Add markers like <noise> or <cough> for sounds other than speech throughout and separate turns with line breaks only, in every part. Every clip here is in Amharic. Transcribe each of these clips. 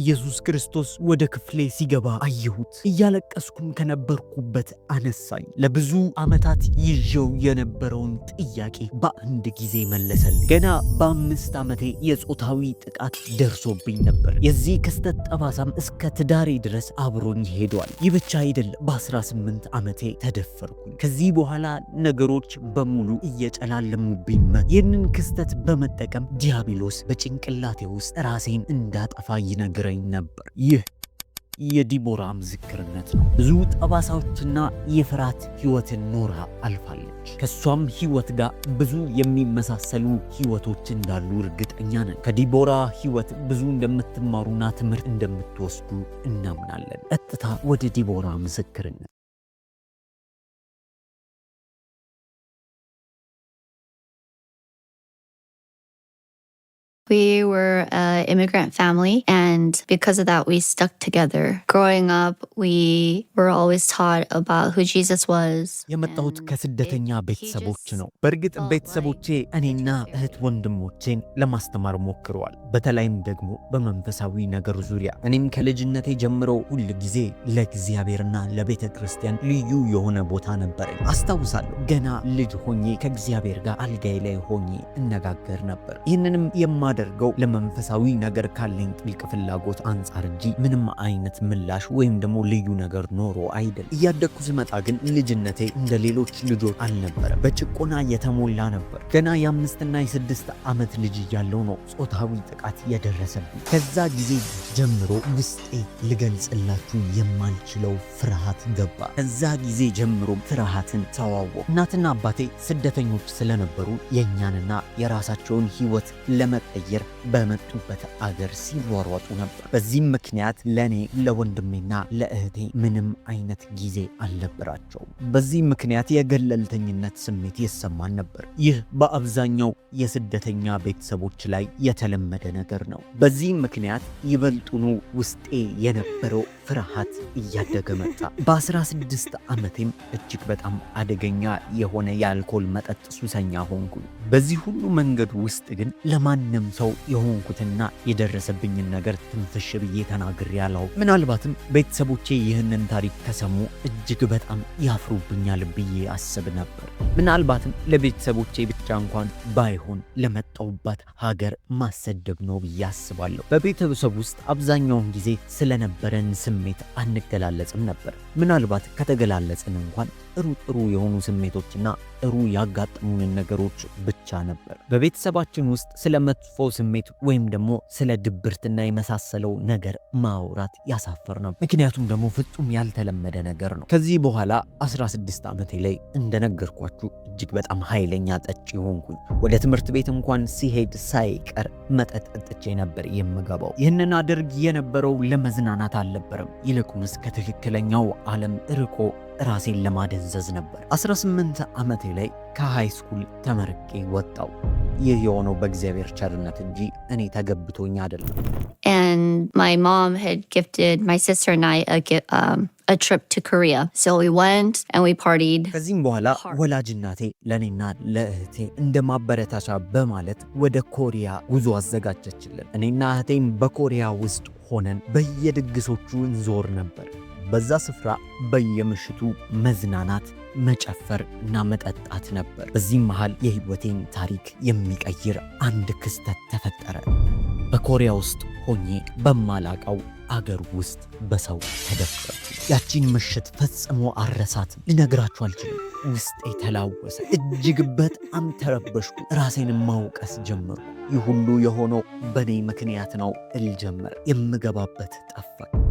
ኢየሱስ ክርስቶስ ወደ ክፍሌ ሲገባ አየሁት። እያለቀስኩም ከነበርኩበት አነሳኝ። ለብዙ ዓመታት ይዤው የነበረውን ጥያቄ በአንድ ጊዜ መለሰልኝ። ገና በአምስት ዓመቴ የጾታዊ ጥቃት ደርሶብኝ ነበር። የዚህ ክስተት ጠባሳም እስከ ትዳሬ ድረስ አብሮኝ ሄዷል። ይህ ብቻ አይደለም፣ በ18 ዓመቴ ተደፈርኩኝ። ከዚህ በኋላ ነገሮች በሙሉ እየጨላለሙብኝ መ ይህንን ክስተት በመጠቀም ዲያብሎስ በጭንቅላቴ ውስጥ ራሴን እንዳጠፋ ይነገር ይነግረኝ ነበር። ይህ የዲቦራ ምስክርነት ነው። ብዙ ጠባሳዎችና የፍርሃት ህይወትን ኖራ አልፋለች። ከእሷም ህይወት ጋር ብዙ የሚመሳሰሉ ህይወቶች እንዳሉ እርግጠኛ ነን። ከዲቦራ ህይወት ብዙ እንደምትማሩና ትምህርት እንደምትወስዱ እናምናለን። ቀጥታ ወደ ዲቦራ ምስክርነት
We were an immigrant family, and because of that, we stuck together. Growing up, we were always taught about who Jesus was.
የመጣሁት ከስደተኛ ቤተሰቦች ነው። በእርግጥ ቤተሰቦቼ እኔና እህት ወንድሞቼን ለማስተማር ሞክረዋል፣ በተለይም ደግሞ በመንፈሳዊ ነገር ዙሪያ። እኔም ከልጅነቴ ጀምሮ ሁል ጊዜ ለእግዚአብሔርና ለቤተ ክርስቲያን ልዩ የሆነ ቦታ ነበረኝ። አስታውሳለሁ ገና ልጅ ሆኜ ከእግዚአብሔር ጋር አልጋይ ላይ ሆኜ እነጋገር ነበር። ይህንንም የማደርገው ለመንፈሳዊ ነገር ካለኝ ጥልቅ ፍላጎት አንጻር እንጂ ምንም አይነት ምላሽ ወይም ደግሞ ልዩ ነገር ኖሮ አይደል። እያደግኩ ስመጣ ግን ልጅነቴ እንደ ሌሎች ልጆች አልነበረም። በጭቆና የተሞላ ነበር። ገና የአምስትና የስድስት ዓመት ልጅ እያለው ነው ጾታዊ ጥቃት የደረሰብኝ። ከዛ ጊዜ ጀምሮ ውስጤ ልገልጽላችሁ የማልችለው ፍርሃት ገባ። ከዛ ጊዜ ጀምሮ ፍርሃትን ተዋወቅኩ። እናትና አባቴ ስደተኞች ስለነበሩ የእኛንና የራሳቸውን ሕይወት ለመቀየር በመጡበት አገር ሲሯሯጡ ነበር። በዚህም ምክንያት ለእኔ ለወንድሜና ለእህቴ ምንም አይነት ጊዜ አልነበራቸው። በዚህ ምክንያት የገለልተኝነት ስሜት ይሰማን ነበር። ይህ በአብዛኛው የስደተኛ ቤተሰቦች ላይ የተለመደ ነገር ነው። በዚህ ምክንያት ይበልጡኑ ውስጤ የነበረው ፍርሃት እያደገ መጣ። በ16 ዓመቴም እጅግ በጣም አደገኛ የሆነ የአልኮል መጠጥ ሱሰኛ ሆንኩ። በዚህ ሁሉ መንገድ ውስጥ ግን ለማንም ሰው የሆንኩትና የደረሰብኝን ነገር ትንፍሽ ብዬ ተናግሬ ያለው። ምናልባትም ቤተሰቦቼ ይህንን ታሪክ ከሰሙ እጅግ በጣም ያፍሩብኛል ብዬ አስብ ነበር። ምናልባትም ለቤተሰቦቼ ብቻ እንኳን ባይሆን ለመጣሁባት ሀገር ማሰደብ ነው ብዬ አስባለሁ። በቤተሰብ ውስጥ አብዛኛውን ጊዜ ስለነበረን ስሜት አንገላለጽም ነበር። ምናልባት ከተገላለጽን እንኳን ጥሩ ጥሩ የሆኑ ስሜቶችና ጥሩ ያጋጠሙንን ነገሮች ብቻ ነበር። በቤተሰባችን ውስጥ ስለ መጥፎ ስሜት ወይም ደግሞ ስለ ድብርትና የመሳሰለው ነገር ማውራት ያሳፈር ነው። ምክንያቱም ደግሞ ፍጹም ያልተለመደ ነገር ነው። ከዚህ በኋላ 16 ዓመቴ ላይ እንደነገርኳችሁ እጅግ በጣም ኃይለኛ ጠጪ ሆንኩኝ። ወደ ትምህርት ቤት እንኳን ሲሄድ ሳይቀር መጠጥ ጠጥቼ ነበር የምገባው። ይህንን አድርግ የነበረው ለመዝናናት አልነበረም፣ ይልቁንስ ከትክክለኛው ዓለም ርቆ ራሴን ለማደንዘዝ ነበር። 18 ዓመቴ ላይ ከሃይ ስኩል ተመርቄ ወጣው። ይህ የሆነው በእግዚአብሔር ቸርነት እንጂ እኔ ተገብቶኝ አይደለም። ከዚህም በኋላ ወላጅ እናቴ ለእኔና ለእህቴ እንደ ማበረታቻ በማለት ወደ ኮሪያ ጉዞ አዘጋጀችልን። እኔና እህቴም በኮሪያ ውስጥ ሆነን በየድግሶቹ እንዞር ነበር። በዛ ስፍራ በየምሽቱ መዝናናት፣ መጨፈር እና መጠጣት ነበር። በዚህም መሃል የህይወቴን ታሪክ የሚቀይር አንድ ክስተት ተፈጠረ። በኮሪያ ውስጥ ሆኜ በማላቀው አገር ውስጥ በሰው ተደፈርኩ። ያቺን ምሽት ፈጽሞ አረሳትም። ልነግራችሁ አልችልም። ውስጤ ተላወሰ። እጅግ በጣም ተረበሽኩ። ራሴን ማውቀስ ጀመርኩ። ይህ ሁሉ የሆነው በእኔ ምክንያት ነው እል ጀመር። የምገባበት ጠፋኝ።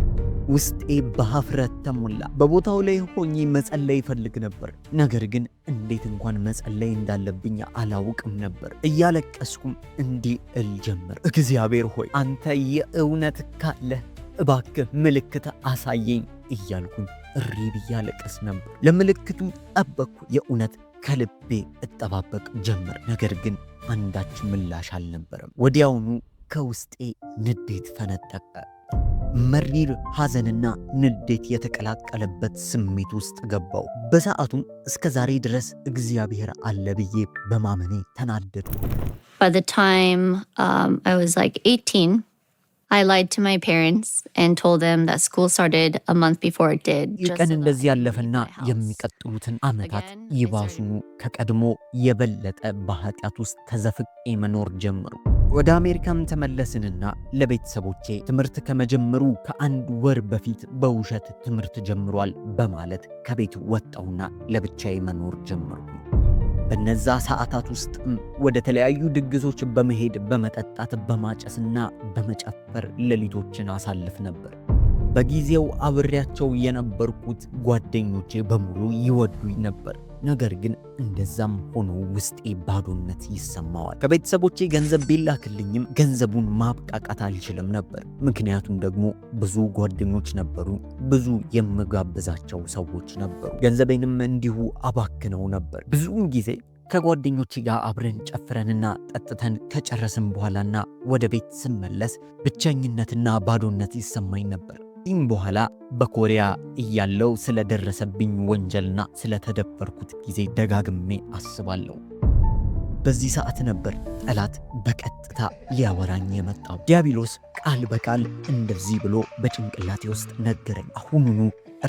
ውስጤ በሀፍረት ተሞላ። በቦታው ላይ ሆኜ መጸለይ ይፈልግ ነበር፣ ነገር ግን እንዴት እንኳን መጸለይ እንዳለብኝ አላውቅም ነበር። እያለቀስኩም እንዲህ እል ጀመር፣ እግዚአብሔር ሆይ አንተ የእውነት ካለህ እባክህ ምልክት አሳየኝ እያልኩኝ እሪ ብያለቀስ ነበር። ለምልክቱ ጠበቅኩ፣ የእውነት ከልቤ እጠባበቅ ጀመር። ነገር ግን አንዳች ምላሽ አልነበረም። ወዲያውኑ ከውስጤ ንዴት ፈነጠቀ። መሪር ሐዘንና ንዴት የተቀላቀለበት ስሜት ውስጥ ገባው። በሰዓቱም እስከ ዛሬ ድረስ እግዚአብሔር አለ ብዬ በማመኔ ተናደድኩ።
um, I lied to my parents and told them that school started a month before it did.
ቀን እንደዚህ ያለፈና የሚቀጥሉትን ዓመታት ይባሱኑ ከቀድሞ የበለጠ በኃጢአት ውስጥ ተዘፍቄ መኖር ጀምሩ ወደ አሜሪካም ተመለስንና ለቤተሰቦቼ ትምህርት ከመጀመሩ ከአንድ ወር በፊት በውሸት ትምህርት ጀምሯል በማለት ከቤት ወጣውና ለብቻዬ መኖር ጀምሩ በነዛ ሰዓታት ውስጥም ወደ ተለያዩ ድግሶች በመሄድ በመጠጣት በማጨስና በመጨፈር ሌሊቶችን አሳልፍ ነበር። በጊዜው አብሬያቸው የነበርኩት ጓደኞቼ በሙሉ ይወዱኝ ነበር። ነገር ግን እንደዛም ሆኖ ውስጤ ባዶነት ይሰማዋል። ከቤተሰቦቼ ገንዘብ ቢላክልኝም ገንዘቡን ማብቃቃት አልችልም ነበር። ምክንያቱም ደግሞ ብዙ ጓደኞች ነበሩ፣ ብዙ የምጋብዛቸው ሰዎች ነበሩ። ገንዘቤንም እንዲሁ አባክነው ነበር። ብዙውን ጊዜ ከጓደኞች ጋር አብረን ጨፍረንና ጠጥተን ከጨረስን በኋላና ወደ ቤት ስመለስ ብቸኝነትና ባዶነት ይሰማኝ ነበር። ከዚህም በኋላ በኮሪያ እያለው ስለደረሰብኝ ወንጀልና ስለተደበርኩት ጊዜ ደጋግሜ አስባለሁ። በዚህ ሰዓት ነበር ጠላት በቀጥታ ሊያወራኝ የመጣው። ዲያብሎስ ቃል በቃል እንደዚህ ብሎ በጭንቅላቴ ውስጥ ነገረኝ። አሁኑኑ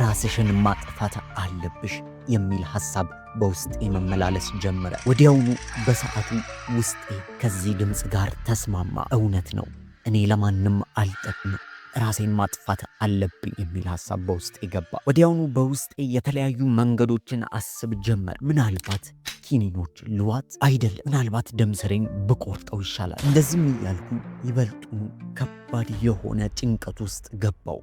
ራስሽን ማጥፋት አለብሽ የሚል ሐሳብ በውስጤ መመላለስ ጀመረ። ወዲያውኑ በሰዓቱ ውስጤ ከዚህ ድምፅ ጋር ተስማማ። እውነት ነው፣ እኔ ለማንም አልጠቅምም ራሴን ማጥፋት አለብኝ የሚል ሀሳብ በውስጤ ገባ። ወዲያውኑ በውስጤ የተለያዩ መንገዶችን አስብ ጀመር። ምናልባት ኪኒኖች ልዋጥ አይደለም፣ ምናልባት ደምሰሬን ብቆርጠው ይሻላል። እንደዚህም እያልኩ ይበልጡ ከባድ የሆነ ጭንቀት ውስጥ ገባው።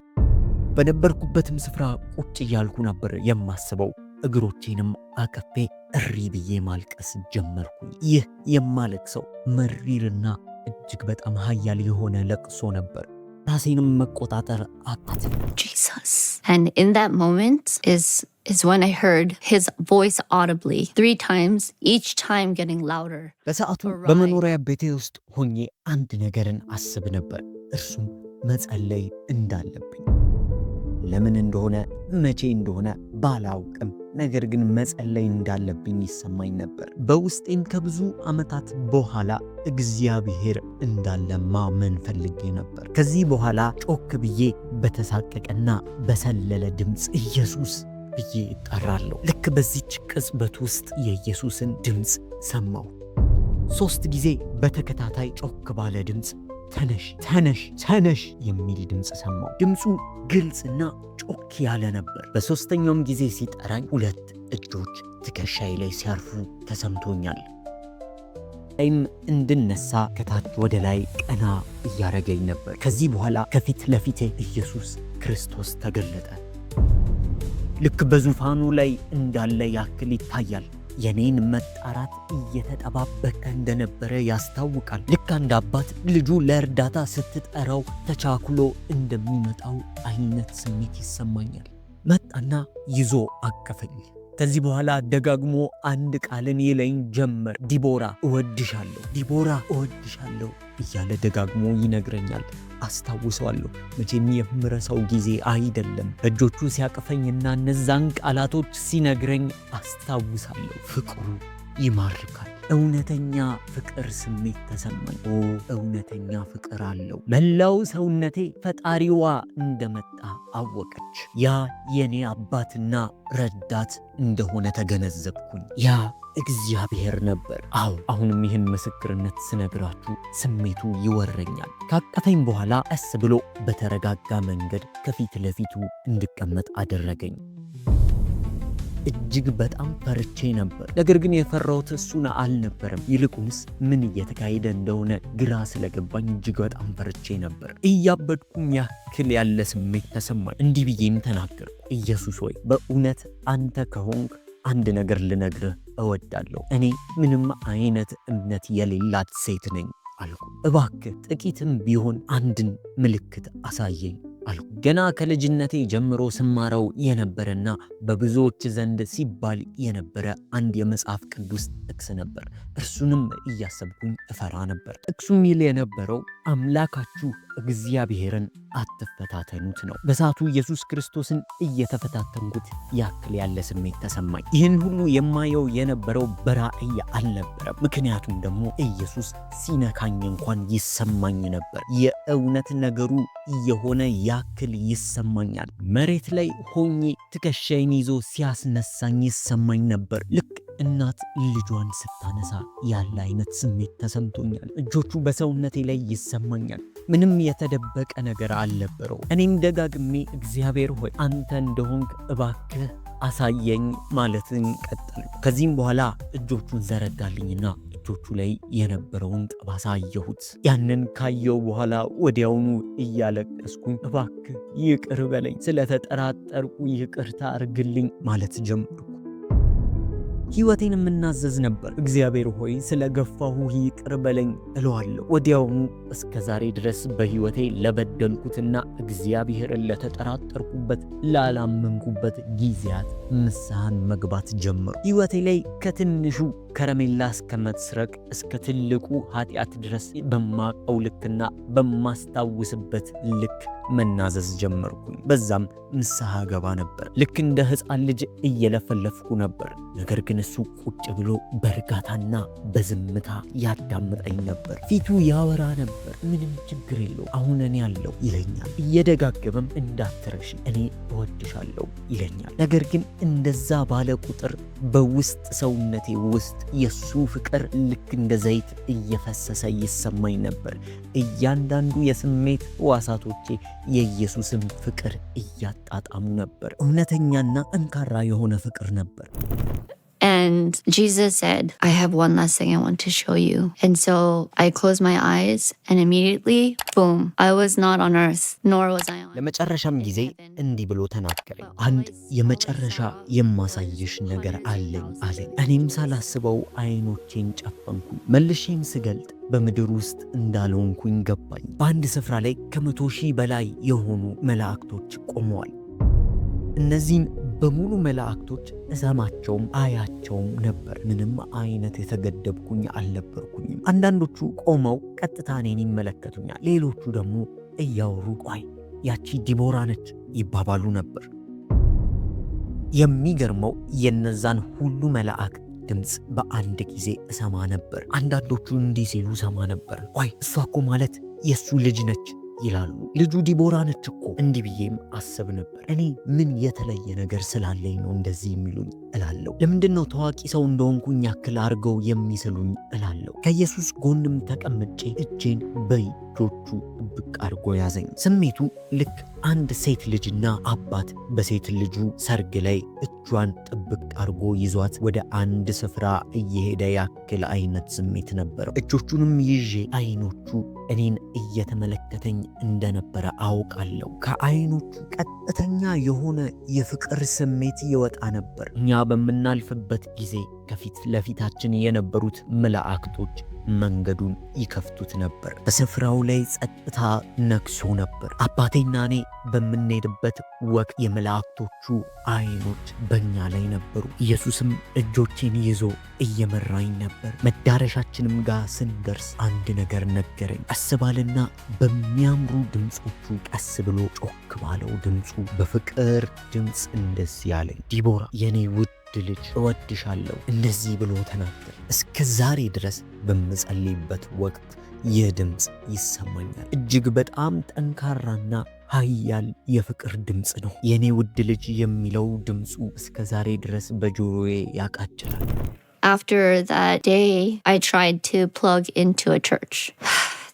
በነበርኩበትም ስፍራ ቁጭ እያልኩ ነበር የማስበው። እግሮቼንም አቀፌ እሪ ብዬ ማልቀስ ጀመርኩኝ። ይህ የማለቅሰው መሪርና እጅግ በጣም ሀያል የሆነ ለቅሶ ነበር። ራሴንም መቆጣጠር አቃት።
ጂሰስ and in that moment is is when I heard his voice audibly three times each time getting louder
በሰዓቱ በመኖሪያ ቤቴ ውስጥ ሆኜ አንድ ነገርን አስብ ነበር። እርሱም መጸለይ እንዳለብኝ ለምን እንደሆነ መቼ እንደሆነ ባላውቅም ነገር ግን መጸለይ እንዳለብኝ ይሰማኝ ነበር። በውስጤም ከብዙ ዓመታት በኋላ እግዚአብሔር እንዳለማ ማመን ፈልጌ ነበር። ከዚህ በኋላ ጮክ ብዬ በተሳቀቀና በሰለለ ድምፅ ኢየሱስ ብዬ እጠራለሁ። ልክ በዚች ቅጽበት ውስጥ የኢየሱስን ድምፅ ሰማሁ። ሦስት ጊዜ በተከታታይ ጮክ ባለ ድምፅ ተነሽ ተነሽ ተነሽ የሚል ድምፅ ሰማው። ድምፁ ግልጽና ጮክ ያለ ነበር። በሦስተኛውም ጊዜ ሲጠራኝ ሁለት እጆች ትከሻዬ ላይ ሲያርፉ ተሰምቶኛል። ላይም እንድነሳ ከታች ወደ ላይ ቀና እያረገኝ ነበር። ከዚህ በኋላ ከፊት ለፊቴ ኢየሱስ ክርስቶስ ተገለጠ። ልክ በዙፋኑ ላይ እንዳለ ያክል ይታያል። የኔን መጣራት እየተጠባበቀ እንደነበረ ያስታውቃል። ልክ አንድ አባት ልጁ ለእርዳታ ስትጠራው ተቻኩሎ እንደሚመጣው አይነት ስሜት ይሰማኛል። መጣና ይዞ አቀፈኝ። ከዚህ በኋላ ደጋግሞ አንድ ቃልን ይለኝ ጀመር። ዲቦራ እወድሻለሁ፣ ዲቦራ እወድሻለሁ እያለ ደጋግሞ ይነግረኛል። አስታውሰዋለሁ። መቼም የምረሳው ጊዜ አይደለም። እጆቹ ሲያቅፈኝና እነዛን ቃላቶች ሲነግረኝ አስታውሳለሁ። ፍቅሩ ይማርካል። እውነተኛ ፍቅር ስሜት ተሰማኝ። ኦ እውነተኛ ፍቅር አለው። መላው ሰውነቴ ፈጣሪዋ እንደመጣ አወቀች። ያ የኔ አባትና ረዳት እንደሆነ ተገነዘብኩኝ። ያ እግዚአብሔር ነበር። አዎ አሁንም ይህን ምስክርነት ስነግራችሁ ስሜቱ ይወረኛል። ካቀፈኝ በኋላ ቀስ ብሎ በተረጋጋ መንገድ ከፊት ለፊቱ እንድቀመጥ አደረገኝ። እጅግ በጣም ፈርቼ ነበር። ነገር ግን የፈራሁት እሱን አልነበረም። ይልቁንስ ምን እየተካሄደ እንደሆነ ግራ ስለገባኝ እጅግ በጣም ፈርቼ ነበር። እያበድኩም ያክል ያለ ስሜት ተሰማኝ። እንዲህ ብዬም ተናገርኩ፣ ኢየሱስ ሆይ በእውነት አንተ ከሆንክ አንድ ነገር ልነግርህ እወዳለሁ። እኔ ምንም አይነት እምነት የሌላት ሴት ነኝ አልኩ። እባክህ ጥቂትም ቢሆን አንድን ምልክት አሳየኝ። አሉ። ገና ከልጅነቴ ጀምሮ ስማረው የነበረና በብዙዎች ዘንድ ሲባል የነበረ አንድ የመጽሐፍ ቅዱስ ጥቅስ ነበር። እርሱንም እያሰብኩኝ እፈራ ነበር። ጥቅሱ ሚል የነበረው አምላካችሁ እግዚአብሔርን አትፈታተኑት ነው። በሰዓቱ ኢየሱስ ክርስቶስን እየተፈታተንኩት ያክል ያለ ስሜት ተሰማኝ። ይህን ሁሉ የማየው የነበረው በራእይ አልነበረም። ምክንያቱም ደግሞ ኢየሱስ ሲነካኝ እንኳን ይሰማኝ ነበር። የእውነት ነገሩ የሆነ ያክል ይሰማኛል። መሬት ላይ ሆኜ ትከሻይን ይዞ ሲያስነሳኝ ይሰማኝ ነበር ልክ እናት ልጇን ስታነሳ ያለ አይነት ስሜት ተሰምቶኛል። እጆቹ በሰውነቴ ላይ ይሰማኛል። ምንም የተደበቀ ነገር አልነበረው። እኔም ደጋግሜ እግዚአብሔር ሆይ አንተ እንደሆንክ እባክህ አሳየኝ ማለትን ቀጠል። ከዚህም በኋላ እጆቹን ዘረጋልኝና እጆቹ ላይ የነበረውን ጠባሳ አየሁት። ያንን ካየው በኋላ ወዲያውኑ እያለቀስኩኝ እባክህ ይቅር በለኝ፣ ስለተጠራጠርኩ ይቅርታ አርግልኝ ማለት ጀምሩ። ሕይወቴን የምናዘዝ ነበር። እግዚአብሔር ሆይ ስለ ገፋሁ ይቅር በለኝ እለዋለሁ። ወዲያውኑ እስከ ዛሬ ድረስ በህይወቴ ለበደልኩትና እግዚአብሔርን ለተጠራጠርኩበት ላላመንኩበት ጊዜያት ንስሐን መግባት ጀምሩ። ህይወቴ ላይ ከትንሹ ከረሜላ እስከመስረቅ እስከ ትልቁ ኃጢአት ድረስ በማቀው ልክና በማስታውስበት ልክ መናዘዝ ጀመርኩኝ። በዛም ምሳሃ ገባ ነበር። ልክ እንደ ሕፃን ልጅ እየለፈለፍኩ ነበር። ነገር ግን እሱ ቁጭ ብሎ በእርጋታና በዝምታ ያዳምጠኝ ነበር። ፊቱ ያወራ ነበር። ምንም ችግር የለው አሁን እኔ አለው ይለኛል። እየደጋገመም እንዳትረሽ እኔ እወድሻለሁ ይለኛል። ነገር ግን እንደዛ ባለ ቁጥር በውስጥ ሰውነቴ ውስጥ የሱ ፍቅር ልክ እንደ ዘይት እየፈሰሰ ይሰማኝ ነበር። እያንዳንዱ የስሜት ሕዋሳቶቼ የኢየሱስን ፍቅር እያጣጣሙ ነበር። እውነተኛና ጠንካራ የሆነ ፍቅር ነበር።
And Jesus said, I have one last thing I want to show you. And so I closed my eyes and immediately, boom, I was not on earth, nor was I on
ለመጨረሻም ጊዜ እንዲህ ብሎ ተናገረኝ። አንድ የመጨረሻ የማሳይሽ ነገር አለኝ አለኝ። እኔም ሳላስበው አይኖቼን ጨፈንኩ። መልሼም ስገልጥ በምድር ውስጥ እንዳልሆንኩኝ ገባኝ። በአንድ ስፍራ ላይ ከመቶ ሺህ በላይ የሆኑ መላእክቶች ቆመዋል። እነዚህን በሙሉ መላእክቶች እሰማቸውም አያቸውም ነበር። ምንም አይነት የተገደብኩኝ አልነበርኩኝም። አንዳንዶቹ ቆመው ቀጥታ እኔን ይመለከቱኛል፣ ሌሎቹ ደግሞ እያወሩ ቋይ ያቺ ዲቦራ ነች ይባባሉ ነበር። የሚገርመው የነዛን ሁሉ መላእክት ድምፅ በአንድ ጊዜ እሰማ ነበር። አንዳንዶቹ እንዲህ ሲሉ እሰማ ነበር፣ ቋይ እሷ እኮ ማለት የእሱ ልጅ ነች ይላሉ። ልጁ ዲቦራ ነች እኮ እንዲህ ብዬም አስብ ነበር። እኔ ምን የተለየ ነገር ስላለኝ ነው እንደዚህ የሚሉኝ እላለሁ። ለምንድን ነው ታዋቂ ሰው እንደሆንኩኝ ያክል አድርገው የሚስሉኝ እላለሁ። ከኢየሱስ ጎንም ተቀምጬ እጄን በይ በእጆቹ ብቅ አድርጎ ያዘኝ። ስሜቱ ልክ አንድ ሴት ልጅና አባት በሴት ልጁ ሰርግ ላይ እጇን ጥብቅ አድርጎ ይዟት ወደ አንድ ስፍራ እየሄደ ያክል አይነት ስሜት ነበረው። እጆቹንም ይዤ አይኖቹ እኔን እየተመለከተኝ እንደነበረ አውቃለሁ። ከአይኖቹ ቀጥተኛ የሆነ የፍቅር ስሜት ይወጣ ነበር። እኛ በምናልፍበት ጊዜ ከፊት ለፊታችን የነበሩት መላእክቶች መንገዱን ይከፍቱት ነበር። በስፍራው ላይ ጸጥታ ነግሶ ነበር። አባቴና እኔ በምንሄድበት ወቅት የመላእክቶቹ አይኖች በእኛ ላይ ነበሩ። ኢየሱስም እጆቼን ይዞ እየመራኝ ነበር። መዳረሻችንም ጋር ስንደርስ አንድ ነገር ነገረኝ። ቀስ ባልና በሚያምሩ ድምፆቹ ቀስ ብሎ ጮክ ባለው ድምፁ በፍቅር ድምፅ እንደዚህ ያለኝ ዲቦራ የኔ ውድ ውድ ልጅ እወድሻለሁ እንደዚህ ብሎ ተናገር። እስከ ዛሬ ድረስ በምጸልይበት ወቅት ይህ ድምፅ ይሰማኛል። እጅግ በጣም ጠንካራና ኃያል የፍቅር ድምፅ ነው። የእኔ ውድ ልጅ የሚለው ድምፁ እስከ ዛሬ ድረስ በጆሮዬ ያቃጭላል።
After that day, I tried to plug into a church.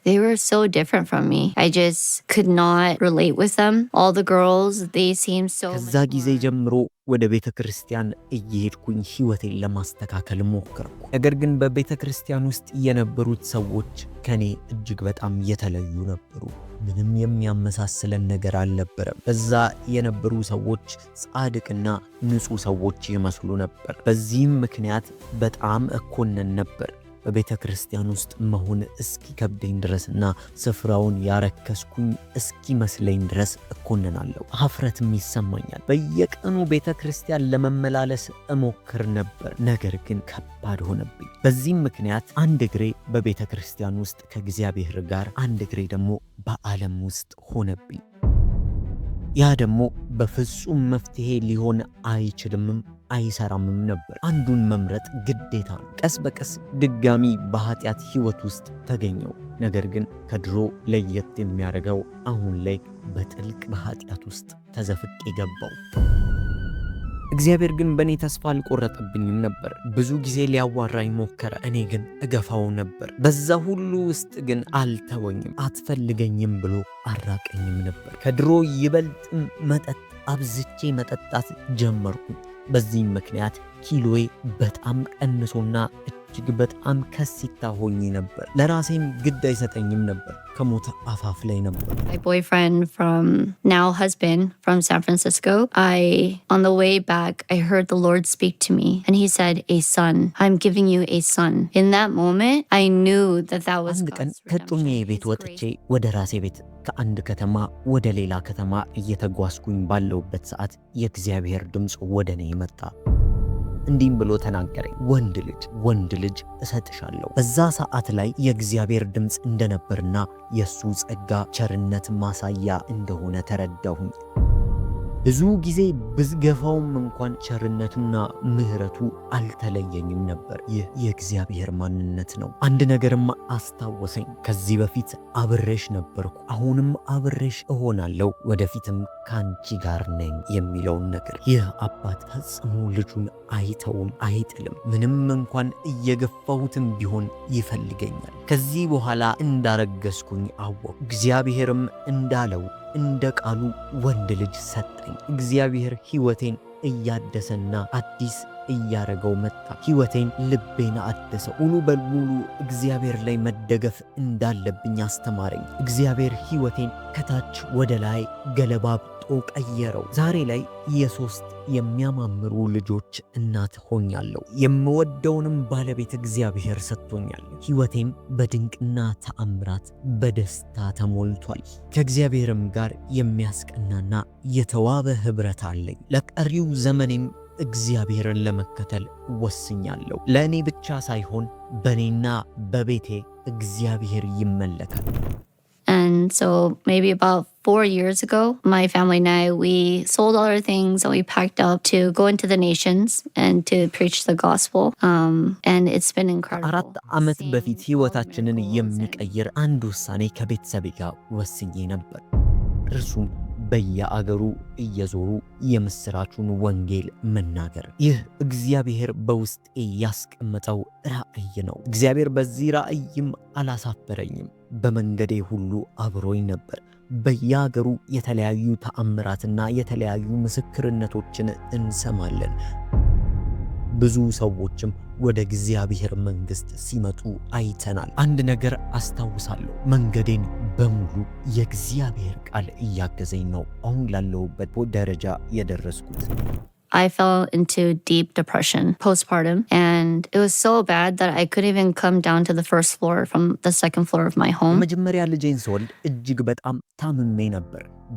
They were so different from me. I just could not relate with them. All the girls, they seemed so
ከዛ ጊዜ ጀምሮ ወደ ቤተ ክርስቲያን እየሄድኩኝ ህይወቴን ለማስተካከል ሞከርኩ። ነገር ግን በቤተ ክርስቲያን ውስጥ የነበሩት ሰዎች ከኔ እጅግ በጣም የተለዩ ነበሩ። ምንም የሚያመሳስለን ነገር አልነበረም። በዛ የነበሩ ሰዎች ጻድቅና ንጹህ ሰዎች ይመስሉ ነበር። በዚህም ምክንያት በጣም እኮነን ነበር። በቤተ ክርስቲያን ውስጥ መሆን እስኪከብደኝ ድረስና ስፍራውን ያረከስኩኝ እስኪመስለኝ ድረስ እኮንናለሁ። ሀፍረትም ይሰማኛል። በየቀኑ ቤተ ክርስቲያን ለመመላለስ እሞክር ነበር፣ ነገር ግን ከባድ ሆነብኝ። በዚህም ምክንያት አንድ እግሬ በቤተ ክርስቲያን ውስጥ ከእግዚአብሔር ጋር፣ አንድ እግሬ ደግሞ በዓለም ውስጥ ሆነብኝ። ያ ደግሞ በፍጹም መፍትሄ ሊሆን አይችልምም አይሰራምም ነበር። አንዱን መምረጥ ግዴታ ነው። ቀስ በቀስ ድጋሚ በኃጢአት ሕይወት ውስጥ ተገኘው። ነገር ግን ከድሮ ለየት የሚያደርገው አሁን ላይ በጥልቅ በኃጢአት ውስጥ ተዘፍቅ የገባው እግዚአብሔር ግን በእኔ ተስፋ አልቆረጠብኝም ነበር። ብዙ ጊዜ ሊያዋራኝ ሞከረ፣ እኔ ግን እገፋው ነበር። በዛ ሁሉ ውስጥ ግን አልተወኝም፣ አትፈልገኝም ብሎ አራቀኝም ነበር። ከድሮ ይበልጥም መጠጥ አብዝቼ መጠጣት ጀመርኩ። በዚህም ምክንያት ኪሎዬ በጣም ቀንሶና እጅግ በጣም ከሲታ ሆኜ ነበር። ለራሴም ግድ አይሰጠኝም ነበር። ከሞት አፋፍ ላይ ነበር።
አንድ
ቀን ከጡሜ ቤት ወጥቼ ወደ ራሴ ቤት ከአንድ ከተማ ወደ ሌላ ከተማ እየተጓዝኩኝ ባለውበት ሰዓት የእግዚአብሔር ድምፅ ወደ እኔ መጣ። እንዲህም ብሎ ተናገረኝ፣ ወንድ ልጅ ወንድ ልጅ እሰጥሻለሁ። በዛ ሰዓት ላይ የእግዚአብሔር ድምፅ እንደነበርና የእሱ ጸጋ ቸርነት ማሳያ እንደሆነ ተረዳሁኝ። ብዙ ጊዜ ብዝገፋውም እንኳን ቸርነቱና ምሕረቱ አልተለየኝም ነበር። ይህ የእግዚአብሔር ማንነት ነው። አንድ ነገርም አስታወሰኝ። ከዚህ በፊት አብሬሽ ነበርኩ፣ አሁንም አብሬሽ እሆናለሁ፣ ወደፊትም ከአንቺ ጋር ነኝ የሚለውን ነገር ይህ አባት ፈጽሞ ልጁን አይተውም፣ አይጥልም። ምንም እንኳን እየገፋሁትም ቢሆን ይፈልገኛል። ከዚህ በኋላ እንዳረገዝኩኝ አወቅሁ። እግዚአብሔርም እንዳለው እንደ ቃሉ ወንድ ልጅ ሰጠኝ። እግዚአብሔር ሕይወቴን እያደሰና አዲስ እያደረገው መጣ። ሕይወቴን፣ ልቤን አደሰው። ሙሉ በሙሉ እግዚአብሔር ላይ መደገፍ እንዳለብኝ አስተማረኝ። እግዚአብሔር ሕይወቴን ከታች ወደ ላይ ገለባብጦ ቀየረው። ዛሬ ላይ የሶስት የሚያማምሩ ልጆች እናት ሆኛለሁ። የምወደውንም ባለቤት እግዚአብሔር ሰጥቶኛል። ሕይወቴም በድንቅና ተአምራት በደስታ ተሞልቷል። ከእግዚአብሔርም ጋር የሚያስቀናና የተዋበ ኅብረት አለኝ። ለቀሪው ዘመኔም እግዚአብሔርን ለመከተል ወስኛለሁ። ለእኔ ብቻ ሳይሆን በእኔና በቤቴ እግዚአብሔር ይመለካል።
And so maybe about four years ago, my family and I, we sold all our things and we packed up to go into the nations and to preach the gospel. Um, and it's been incredible.
አራት ዓመት በፊት ሕይወታችንን የሚቀይር አንድ ውሳኔ ከቤተሰቤ ጋር ወስኜ ነበር። እርሱም በየአገሩ እየዞሩ የምስራቹን ወንጌል መናገር። ይህ እግዚአብሔር በውስጤ ያስቀመጠው ራእይ ነው። እግዚአብሔር በዚህ ራእይም አላሳፈረኝም። በመንገዴ ሁሉ አብሮኝ ነበር። በየአገሩ የተለያዩ ተአምራትና የተለያዩ ምስክርነቶችን እንሰማለን። ብዙ ሰዎችም ወደ እግዚአብሔር መንግስት ሲመጡ አይተናል። አንድ ነገር አስታውሳለሁ። መንገዴን በሙሉ የእግዚአብሔር ቃል እያገዘኝ ነው አሁን ላለሁበት ደረጃ የደረስኩት።
I fell into deep depression postpartum. And it was so bad that I couldn't even come down to the first floor from the second floor of my home.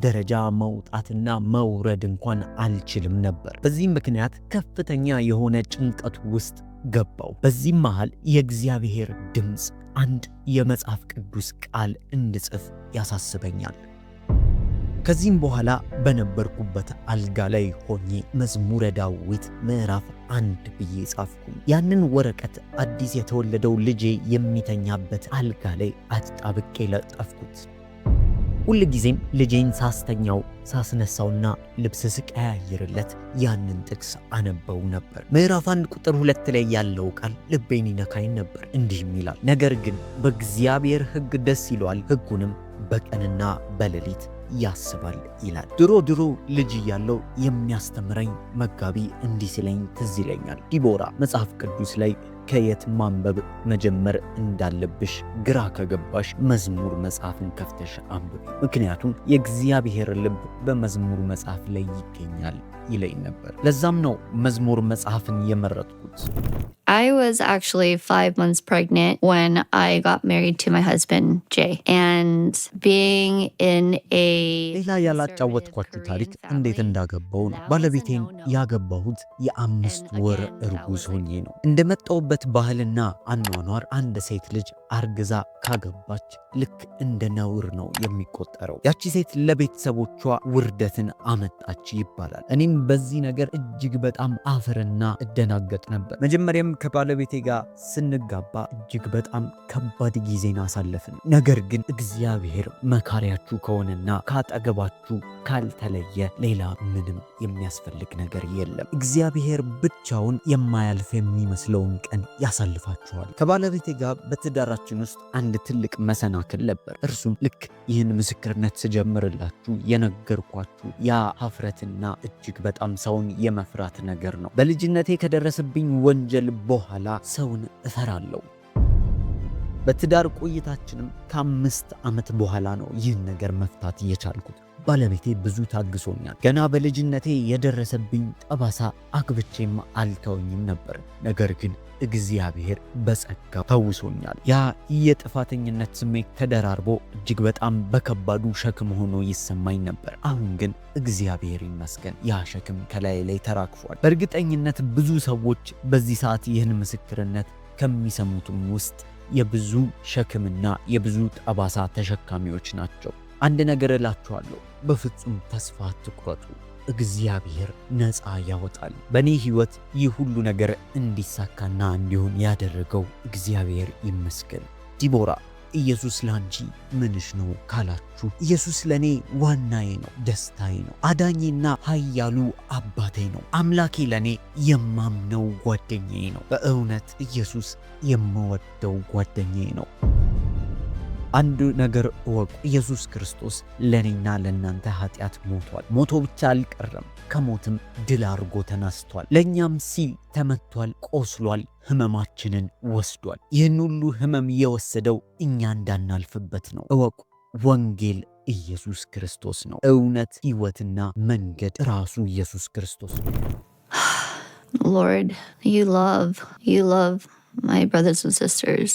ደረጃ መውጣትና መውረድ እንኳን አልችልም ነበር። በዚህም ምክንያት ከፍተኛ የሆነ ጭንቀት ውስጥ ገባው። በዚህም መሃል የእግዚአብሔር ድምፅ አንድ የመጽሐፍ ቅዱስ ቃል እንድጽፍ ያሳስበኛል። ከዚህም በኋላ በነበርኩበት አልጋ ላይ ሆኜ መዝሙረ ዳዊት ምዕራፍ አንድ ብዬ ጻፍኩ። ያንን ወረቀት አዲስ የተወለደው ልጄ የሚተኛበት አልጋ ላይ አጣብቄ ለጠፍኩት። ሁል ጊዜም ልጄን ሳስተኛው ሳስነሳውና ልብስ ስቀያይርለት ያንን ጥቅስ አነበው ነበር። ምዕራፍ አንድ ቁጥር ሁለት ላይ ያለው ቃል ልቤን ይነካኝ ነበር። እንዲህም ይላል፣ ነገር ግን በእግዚአብሔር ሕግ ደስ ይለዋል፣ ሕጉንም በቀንና በሌሊት ያስባል ይላል። ድሮ ድሮ ልጅ እያለው የሚያስተምረኝ መጋቢ እንዲህ ሲለኝ ትዝ ይለኛል። ዲቦራ መጽሐፍ ቅዱስ ላይ ከየት ማንበብ መጀመር እንዳለብሽ ግራ ከገባሽ መዝሙር መጽሐፍን ከፍተሽ አንብቢ፣ ምክንያቱም የእግዚአብሔር ልብ በመዝሙር መጽሐፍ ላይ ይገኛል ይለኝ ነበር። ለዛም ነው መዝሙር መጽሐፍን የመረጥኩት።
I was actually five months pregnant when I got married to my husband Jay and being in a
ሌላ ያላጫወትኳችሁ ታሪክ እንዴት እንዳገባው ነው። ባለቤቴን ያገባሁት የአምስት ወር እርጉዝ ሆኜ ነው። እንደመጣውበት ባህልና አኗኗር አንድ ሴት ልጅ አርግዛ ካገባች ልክ እንደ ነውር ነው የሚቆጠረው። ያቺ ሴት ለቤተሰቦቿ ውርደትን አመጣች ይባላል። እኔም በዚህ ነገር እጅግ በጣም አፍርና እደናገጥ ነበር። መጀመሪያም ከባለቤቴ ጋር ስንጋባ እጅግ በጣም ከባድ ጊዜን አሳለፍን። ነገር ግን እግዚአብሔር መካሪያችሁ ከሆነና ካጠገባችሁ ካልተለየ ሌላ ምንም የሚያስፈልግ ነገር የለም። እግዚአብሔር ብቻውን የማያልፍ የሚመስለውን ቀን ያሳልፋችኋል። ከባለቤቴ ጋር በትዳራችን ውስጥ አንድ ትልቅ መሰናክል ነበር። እርሱም ልክ ይህን ምስክርነት ስጀምርላችሁ የነገርኳችሁ ያ ሀፍረትና እጅግ በጣም ሰውን የመፍራት ነገር ነው። በልጅነቴ ከደረሰብኝ ወንጀል በኋላ ሰውን እፈራለሁ። በትዳር ቆይታችንም ከአምስት ዓመት በኋላ ነው ይህን ነገር መፍታት እየቻልኩት። ባለቤቴ ብዙ ታግሶኛል። ገና በልጅነቴ የደረሰብኝ ጠባሳ አግብቼም አልተወኝም ነበር። ነገር ግን እግዚአብሔር በጸጋ ፈውሶኛል። ያ የጥፋተኝነት ስሜት ተደራርቦ እጅግ በጣም በከባዱ ሸክም ሆኖ ይሰማኝ ነበር። አሁን ግን እግዚአብሔር ይመስገን ያ ሸክም ከላይ ላይ ተራክፏል። በእርግጠኝነት ብዙ ሰዎች በዚህ ሰዓት ይህን ምስክርነት ከሚሰሙትም ውስጥ የብዙ ሸክምና የብዙ ጠባሳ ተሸካሚዎች ናቸው። አንድ ነገር እላችኋለሁ፣ በፍጹም ተስፋ አትቁረጡ። እግዚአብሔር ነፃ ያወጣል። በእኔ ሕይወት ይህ ሁሉ ነገር እንዲሳካና እንዲሆን ያደረገው እግዚአብሔር ይመስገን። ዲቦራ ኢየሱስ ለአንቺ ምንሽ ነው ካላችሁ፣ ኢየሱስ ለእኔ ዋናዬ ነው፣ ደስታዬ ነው፣ አዳኜና ኃያሉ አባቴ ነው። አምላኬ ለእኔ የማምነው ጓደኛዬ ነው። በእውነት ኢየሱስ የምወደው ጓደኛዬ ነው። አንድ ነገር እወቁ፣ ኢየሱስ ክርስቶስ ለእኔና ለእናንተ ኃጢአት ሞቷል። ሞቶ ብቻ አልቀረም፣ ከሞትም ድል አድርጎ ተነስቷል። ለእኛም ሲል ተመቷል፣ ቆስሏል፣ ህመማችንን ወስዷል። ይህን ሁሉ ህመም የወሰደው እኛ እንዳናልፍበት ነው። እወቁ፣ ወንጌል ኢየሱስ ክርስቶስ ነው። እውነት፣ ሕይወትና መንገድ ራሱ ኢየሱስ ክርስቶስ ነው።
<sighs> Lord, you love, you love my brothers and sisters.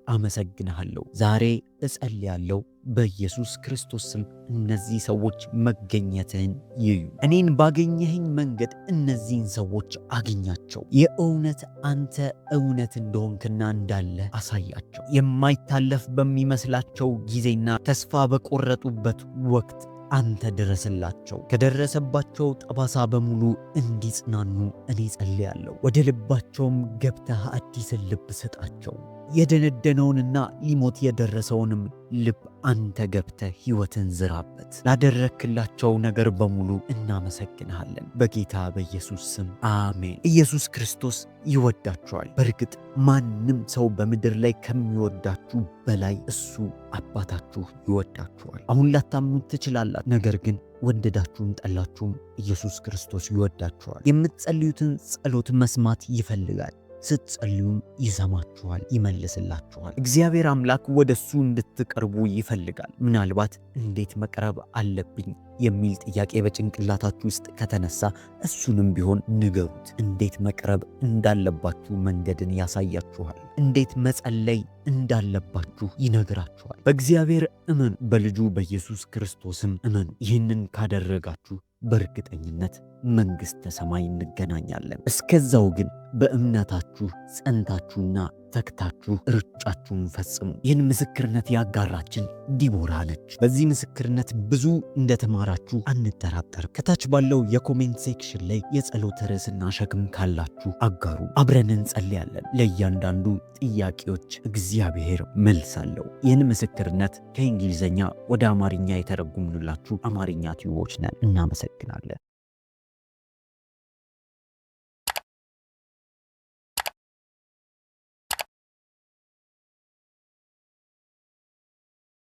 አመሰግንሃለሁ። ዛሬ እጸልያለሁ በኢየሱስ ክርስቶስ ስም እነዚህ ሰዎች መገኘትህን ይዩ። እኔን ባገኘህኝ መንገድ እነዚህን ሰዎች አግኛቸው። የእውነት አንተ እውነት እንደሆንክና እንዳለ አሳያቸው። የማይታለፍ በሚመስላቸው ጊዜና ተስፋ በቆረጡበት ወቅት አንተ ድረስላቸው። ከደረሰባቸው ጠባሳ በሙሉ እንዲጽናኑ እኔ ጸልያለሁ። ወደ ልባቸውም ገብተህ አዲስን ልብ ስጣቸው። የደነደነውንና ሊሞት የደረሰውንም ልብ አንተ ገብተ ሕይወትን ዝራበት። ላደረክላቸው ነገር በሙሉ እናመሰግንሃለን። በጌታ በኢየሱስ ስም አሜን። ኢየሱስ ክርስቶስ ይወዳችኋል። በእርግጥ ማንም ሰው በምድር ላይ ከሚወዳችሁ በላይ እሱ አባታችሁ ይወዳችኋል። አሁን ላታምኑት ትችላላችሁ፣ ነገር ግን ወደዳችሁም ጠላችሁም ኢየሱስ ክርስቶስ ይወዳችኋል። የምትጸልዩትን ጸሎት መስማት ይፈልጋል። ስትጸልዩም ይሰማችኋል፣ ይመልስላችኋል። እግዚአብሔር አምላክ ወደ እሱ እንድትቀርቡ ይፈልጋል። ምናልባት እንዴት መቅረብ አለብኝ የሚል ጥያቄ በጭንቅላታችሁ ውስጥ ከተነሳ እሱንም ቢሆን ንገሩት። እንዴት መቅረብ እንዳለባችሁ መንገድን ያሳያችኋል። እንዴት መጸለይ እንዳለባችሁ ይነግራችኋል። በእግዚአብሔር እመኑ፣ በልጁ በኢየሱስ ክርስቶስም እመኑ። ይህንን ካደረጋችሁ በእርግጠኝነት መንግሥተ ሰማይ እንገናኛለን። እስከዛው ግን በእምነታችሁ ጸንታችሁና ተግታችሁ ርጫችሁን ፈጽሙ። ይህን ምስክርነት ያጋራችን ዲቦራ ነች። በዚህ ምስክርነት ብዙ እንደተማራችሁ አንጠራጠርም። ከታች ባለው የኮሜንት ሴክሽን ላይ የጸሎት ርዕስና ሸክም ካላችሁ አጋሩ፣ አብረን እንጸልያለን። ለእያንዳንዱ ጥያቄዎች እግዚአብሔር መልስ አለው። ይህን ምስክርነት ከእንግሊዝኛ ወደ አማርኛ የተረጉምንላችሁ አማርኛ ቲዩቦች ነን። እናመሰግናለን።